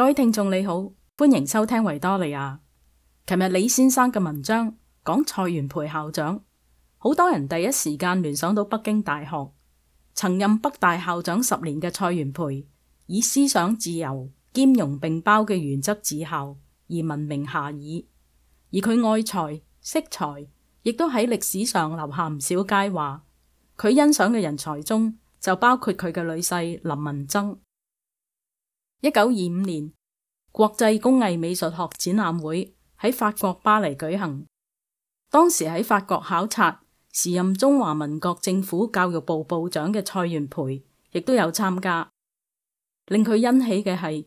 各位聽眾你好，歡迎收聽維多利亞。琴日李先生嘅文章講蔡元培校長，好多人第一時間聯想到北京大學。曾任北大校長十年嘅蔡元培，以思想自由、兼容並包嘅原則治校而聞名遐邇。而佢愛才、識才，亦都喺歷史上留下唔少佳話。佢欣賞嘅人才中就包括佢嘅女婿林文錚。一九二五年。國際工藝美術學展覽會喺法國巴黎舉行，當時喺法國考察，時任中華民國政府教育部部長嘅蔡元培亦都有參加。令佢欣喜嘅係，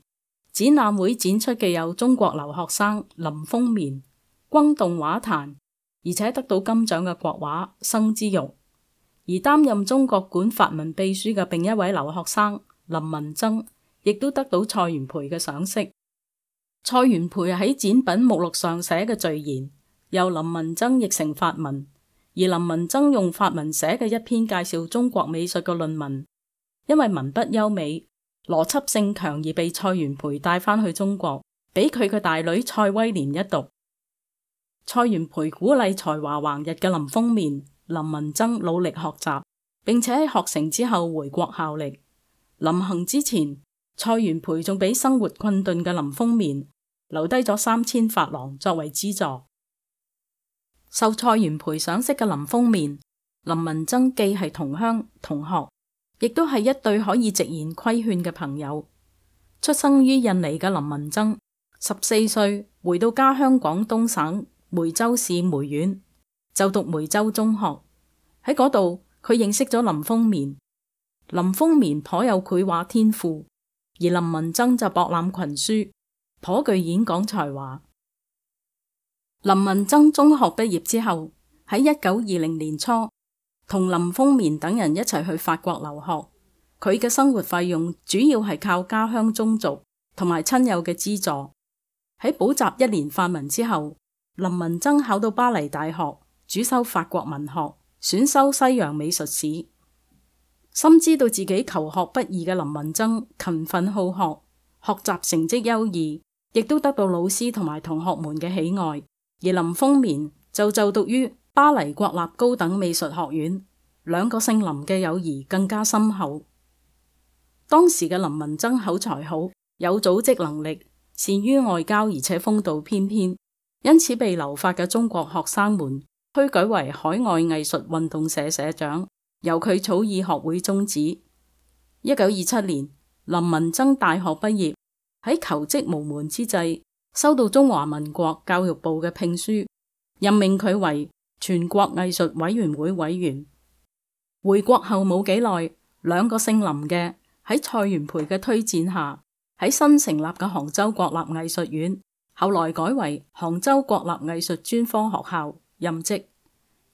展覽會展出嘅有中國留學生林風眠、轟動畫壇，而且得到金獎嘅國畫生之玉，而擔任中國館法文秘書嘅另一位留學生林文錚，亦都得到蔡元培嘅賞識。蔡元培喺展品目錄上寫嘅序言，由林文錚譯成法文，而林文錚用法文寫嘅一篇介紹中國美術嘅論文，因為文筆優美、邏輯性強，而被蔡元培帶翻去中國，俾佢嘅大女蔡威廉一讀。蔡元培鼓勵才華橫溢嘅林風眠，林文錚努力學習，並且喺學成之後回國效力。臨行之前，蔡元培仲俾生活困頓嘅林風眠，留低咗三千法郎作為資助。受蔡元培賞識嘅林風眠、林文錚，既係同鄉同學，亦都係一對可以直言規勸嘅朋友。出生於印尼嘅林文錚，十四歲回到家鄉廣東省梅州市梅縣，就讀梅州中學。喺嗰度，佢認識咗林風眠。林風眠頗有繪畫天賦，而林文錚就博覽群書。頗具演講才華。林文錚中學畢業之後，喺一九二零年初，同林風眠等人一齊去法國留學。佢嘅生活費用主要係靠家鄉宗族同埋親友嘅資助。喺補習一年法文之後，林文錚考到巴黎大學，主修法國文學，選修西洋美術史。深知道自己求學不易嘅林文錚，勤奮好學，學習成績優異。亦都得到老師同埋同學們嘅喜愛，而林風眠就就讀於巴黎國立高等美術學院。兩個姓林嘅友誼更加深厚。當時嘅林文錚口才好，有組織能力，善於外交，而且風度翩翩，因此被留法嘅中國學生們推舉為海外藝術運動社社長，由佢草擬學會宗旨。一九二七年，林文錚大學畢業。喺求職無門之際，收到中華民國教育部嘅聘書，任命佢為全國藝術委員會委員。回國後冇幾耐，兩個姓林嘅喺蔡元培嘅推薦下，喺新成立嘅杭州國立藝術院（後來改為杭州國立藝術專科學校任職）任職。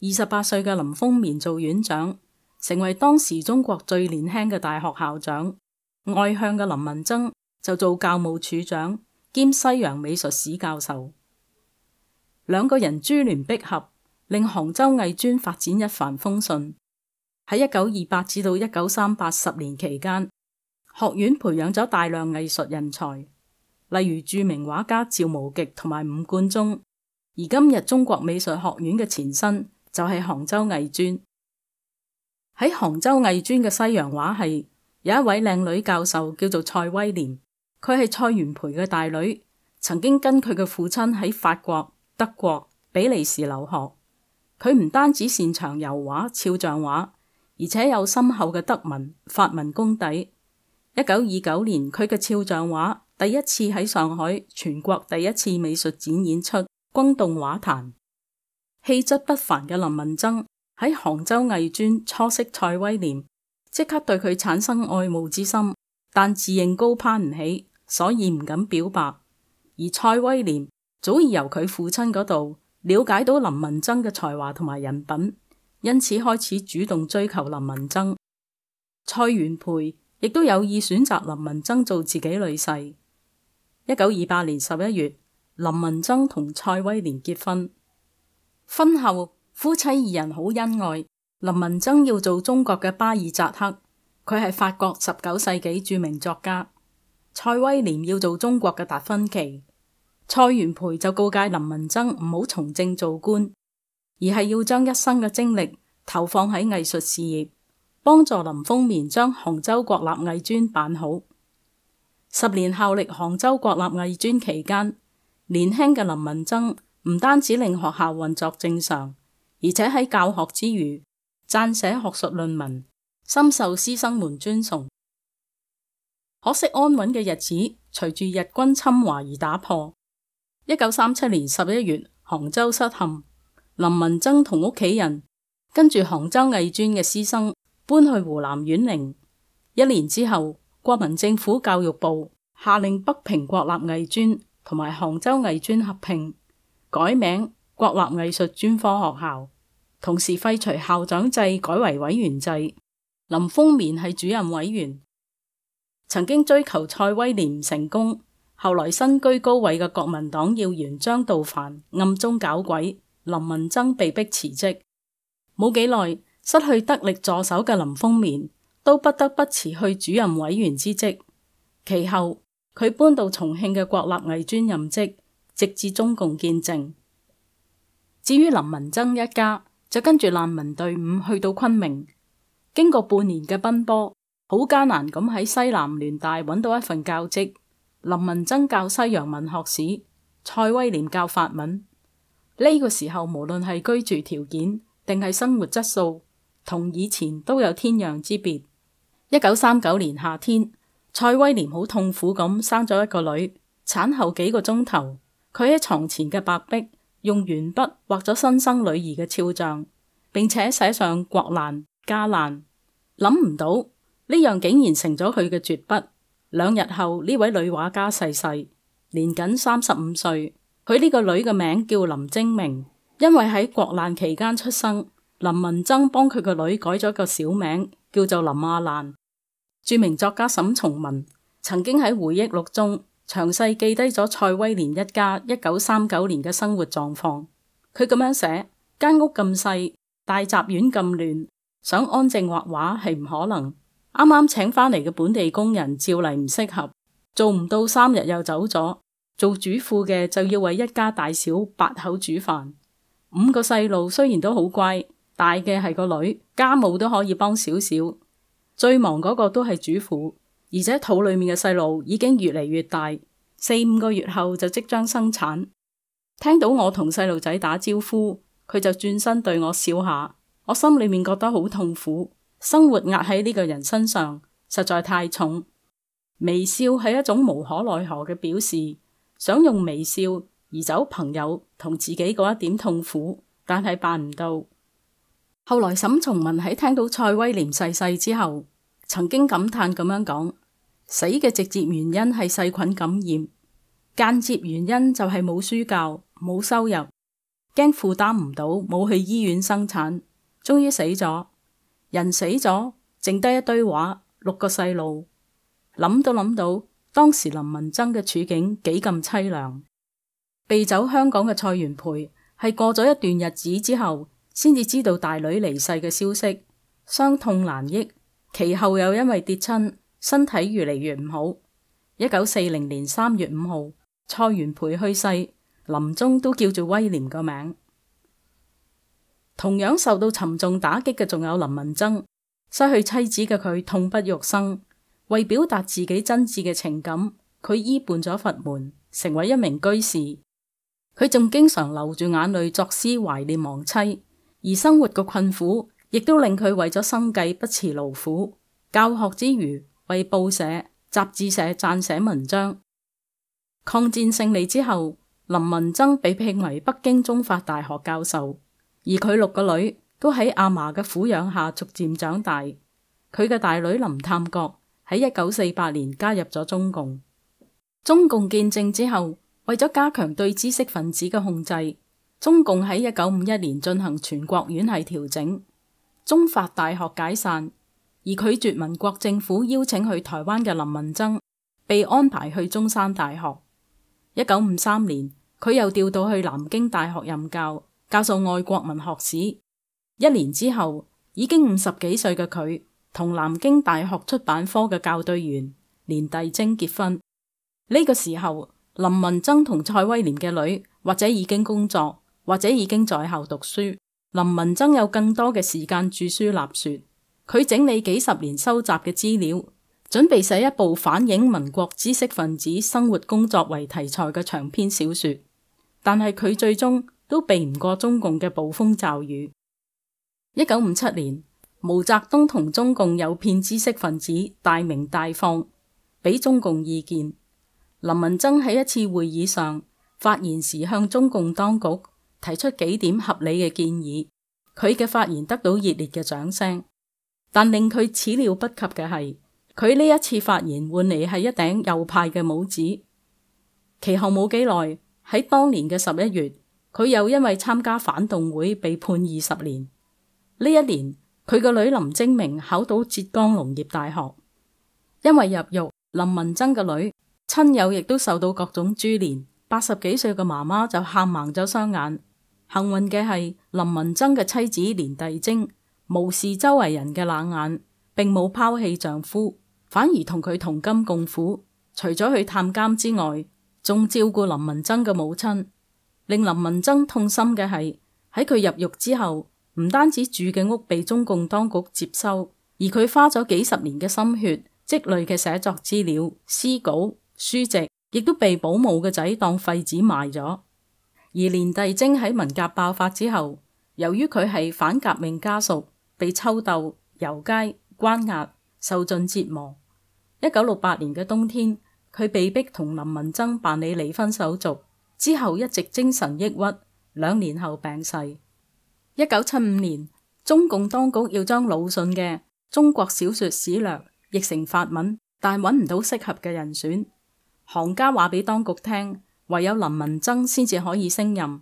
二十八歲嘅林風眠做院長，成為當時中國最年輕嘅大學校長。外向嘅林文錚，就做教務處長兼西洋美術史教授，兩個人珠聯璧合，令杭州藝專發展一帆風順。喺一九二八至到一九三八十年期間，學院培養咗大量藝術人才，例如著名畫家趙無極同埋吳冠中。而今日中國美術學院嘅前身就係杭州藝專。喺杭州藝專嘅西洋畫系，有一位靚女教授叫做蔡威廉。佢係蔡元培嘅大女，曾經跟佢嘅父親喺法國、德國、比利時留學。佢唔單止擅長油畫、肖像畫，而且有深厚嘅德文、法文功底。一九二九年，佢嘅肖像畫第一次喺上海全國第一次美術展演出壇，轟動畫壇。氣質不凡嘅林文錚喺杭州藝專初識蔡威廉，即刻對佢產生愛慕之心，但自認高攀唔起，所以唔敢表白，而蔡威廉早已由佢父親嗰度了解到林文錚嘅才華同埋人品，因此開始主動追求林文錚。蔡元培亦都有意選擇林文錚做自己女婿。一九二八年十一月，林文錚同蔡威廉結婚。婚後夫妻二人好恩愛。林文錚要做中國嘅巴爾扎克，佢係法國十九世紀著名作家。蔡威廉要做中國嘅達芬奇，蔡元培就告誡林文錚唔好從政做官，而係要將一生嘅精力投放喺藝術事業，幫助林風眠將杭州國立藝專辦好。十年效力杭州國立藝專期間，年輕嘅林文錚唔單止令學校運作正常，而且喺教學之餘撰寫學術論文，深受師生們尊崇。可惜安穩嘅日子隨住日軍侵華而打破。一九三七年十一月，杭州失陷，林文錚同屋企人跟住杭州藝專嘅師生搬去湖南沅陵。一年之後，國民政府教育部下令北平國立藝專同埋杭州藝專合併，改名國立藝術專科學校，同時廢除校長制，改為委員制。林風眠係主任委員。曾經追求蔡威廉唔成功，後來身居高位嘅國民黨要員張道藩暗中搞鬼，林文錚被迫辭職。冇幾耐，失去得力助手嘅林風眠都不得不辭去主任委員之職。其後，佢搬到重慶嘅國立藝專任職，直至中共建政。至於林文錚一家，就跟住難民隊伍去到昆明，經過半年嘅奔波，好艱難咁喺西南聯大揾到一份教職，林文錚教西洋文學史，蔡威廉教法文。呢個時候，無論係居住條件定係生活質素，同以前都有天壤之別。一九三九年夏天，蔡威廉好痛苦咁生咗一個女，產後幾個鐘頭，佢喺床前嘅白壁用鉛筆畫咗新生女兒嘅肖像，並且寫上國難家難，諗唔到。呢樣竟然成咗佢嘅絕筆。兩日後，呢位女畫家逝世，年僅三十五歲。佢呢個女嘅名叫林貞明，因為喺國難期間出生，林文錚幫佢個女改咗個小名，叫做林阿蘭。著名作家沈從文曾經喺回憶錄中詳細記低咗蔡威廉一家一九三九年嘅生活狀況。佢咁樣寫：間屋咁細，大雜院咁亂，想安靜畫畫係唔可能。啱啱請返嚟嘅本地工人，照例唔適合，做唔到三日又走咗。做主婦嘅就要為一家大小八口煮飯，五個細路雖然都好乖，大嘅係個女，家務都可以幫少少。最忙嗰個都係主婦，而且肚裏面嘅細路已經越嚟越大，四五個月後就即將生產。聽到我同細路仔打招呼，佢就轉身對我笑下，我心裏面覺得好痛苦。生活壓喺呢個人身上實在太重，微笑係一種無可奈何嘅表示，想用微笑移走朋友同自己嗰一點痛苦，但係辦唔到。後來沈從文喺聽到蔡威廉逝世，世之後，曾經感嘆咁樣講：死嘅直接原因係細菌感染，間接原因就係冇書教、冇收入，驚負擔唔到，冇去醫院生產，終於死咗。人死咗，剩低一堆畫。六個細路諗都諗到當時林文錚嘅處境幾咁淒涼。避走香港嘅蔡元培係過咗一段日子之後，先至知道大女離世嘅消息，傷痛難抑。其後又因為跌親，身體越嚟越唔好。一九四零年三月五號，蔡元培去世，臨終都叫做威廉個名。同樣受到沉重打擊嘅，仲有林文增，失去妻子嘅佢痛不欲生。為表達自己真摯嘅情感，佢依伴咗佛門，成為一名居士。佢仲經常流住眼淚作詩懷念亡妻，而生活嘅困苦亦都令佢為咗生計不辭勞苦。教學之餘，為報社、雜誌社撰寫文章。抗戰勝利之後，林文增被聘為北京中法大學教授。而佢六個女都喺阿嫲嘅撫養下逐漸長大。佢嘅大女林探國喺一九四八年加入咗中共。中共建政之後，為咗加強對知識分子嘅控制，中共喺一九五一年進行全國院系調整，中法大學解散。而拒絕民國政府邀請去台灣嘅林文錚，被安排去中山大學。一九五三年，佢又調到去南京大學任教。教授外國文學史，一年之後已經五十幾歲嘅佢，同南京大學出版科嘅校對員連帝晶結婚。呢、這個時候，林文錚同蔡威廉嘅女或者已經工作，或者已經在校讀書。林文錚有更多嘅時間著書立說，佢整理幾十年收集嘅資料，準備寫一部反映民國知識分子生活工作為題材嘅長篇小說，但係佢最終。都避唔過中共嘅暴風驟雨。一九五七年，毛澤東同中共有騙知識分子大鳴大放，俾中共意見。林文錚喺一次會議上發言時，向中共當局提出幾點合理嘅建議。佢嘅發言得到熱烈嘅掌聲，但令佢始料不及嘅係，佢呢一次發言換嚟係一頂右派嘅帽子。其後冇幾耐，喺當年嘅十一月。佢又因為參加反動會被判二十年。呢一年，佢個女林晶明考到浙江農業大學。因為入獄，林文錚嘅女親友亦都受到各種株連。八十幾歲嘅媽媽就喊盲咗雙眼。幸運嘅係林文錚嘅妻子連帝貞無視周圍人嘅冷眼，並冇拋棄丈夫，反而同佢同甘共苦。除咗去探監之外，仲照顧林文錚嘅母親。令林文錚痛心嘅，係喺佢入獄之後，唔單止住嘅屋被中共當局接收，而佢花咗幾十年嘅心血積累嘅寫作資料、詩稿、書籍，亦都被保姆嘅仔當廢紙賣咗。而連帝征喺文革爆發之後，由於佢係反革命家屬，被抽鬥、遊街、關押，受盡折磨。一九六八年嘅冬天，佢被逼同林文錚辦理離婚手續。之後一直精神抑鬱，兩年後病逝。一九七五年，中共當局要將魯迅嘅《中國小說史略》譯成法文，但搵唔到適合嘅人選。行家話俾當局聽，唯有林文錚先至可以勝任。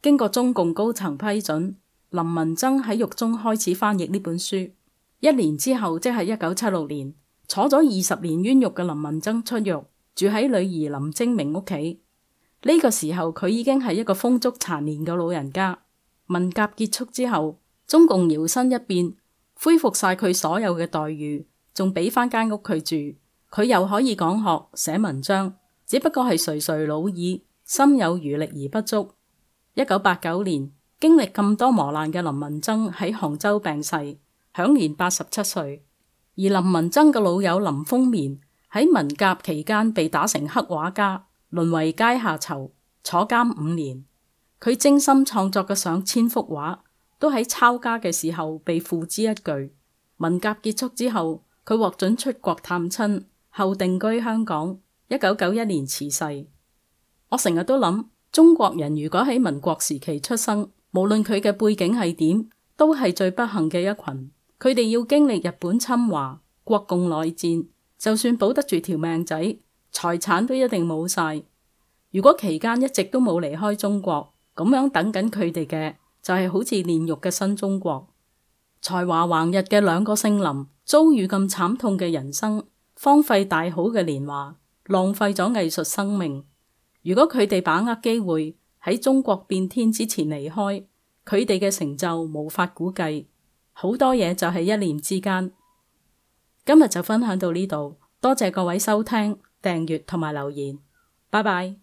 經過中共高層批准，林文錚喺獄中開始翻譯呢本書。一年之後，即係一九七六年，坐咗二十年冤獄嘅林文錚出獄，住喺女兒林精明屋企。呢個時候佢已經係一個風燭殘年嘅老人家。文革結束之後，中共搖身一變，恢復晒佢所有嘅待遇，仲俾翻間屋佢住，佢又可以講學寫文章，只不過係垂垂老矣，心有餘力而不足。一九八九年，經歷咁多磨難嘅林文錚喺杭州病逝，享年八十七歲。而林文錚嘅老友林風眠喺文革期間被打成黑畫家。淪為階下囚，坐監五年。佢精心創作嘅上千幅畫，都喺抄家嘅時候被付之一炬。文革結束之後，佢獲准出國探親，後定居香港。一九九一年辭世。我成日都諗，中國人如果喺民國時期出生，無論佢嘅背景係點，都係最不幸嘅一群。佢哋要經歷日本侵華、國共內戰，就算保得住條命仔。財產都一定冇晒。如果期間一直都冇離開中國，咁樣等緊佢哋嘅就係、是、好似煉獄嘅新中國。才華橫溢嘅兩個姓林遭遇咁慘痛嘅人生，荒廢大好嘅年華，浪費咗藝術生命。如果佢哋把握機會喺中國變天之前離開，佢哋嘅成就無法估計。好多嘢就係一念之間。今日就分享到呢度，多謝各位收聽。訂閱同埋留言，拜拜。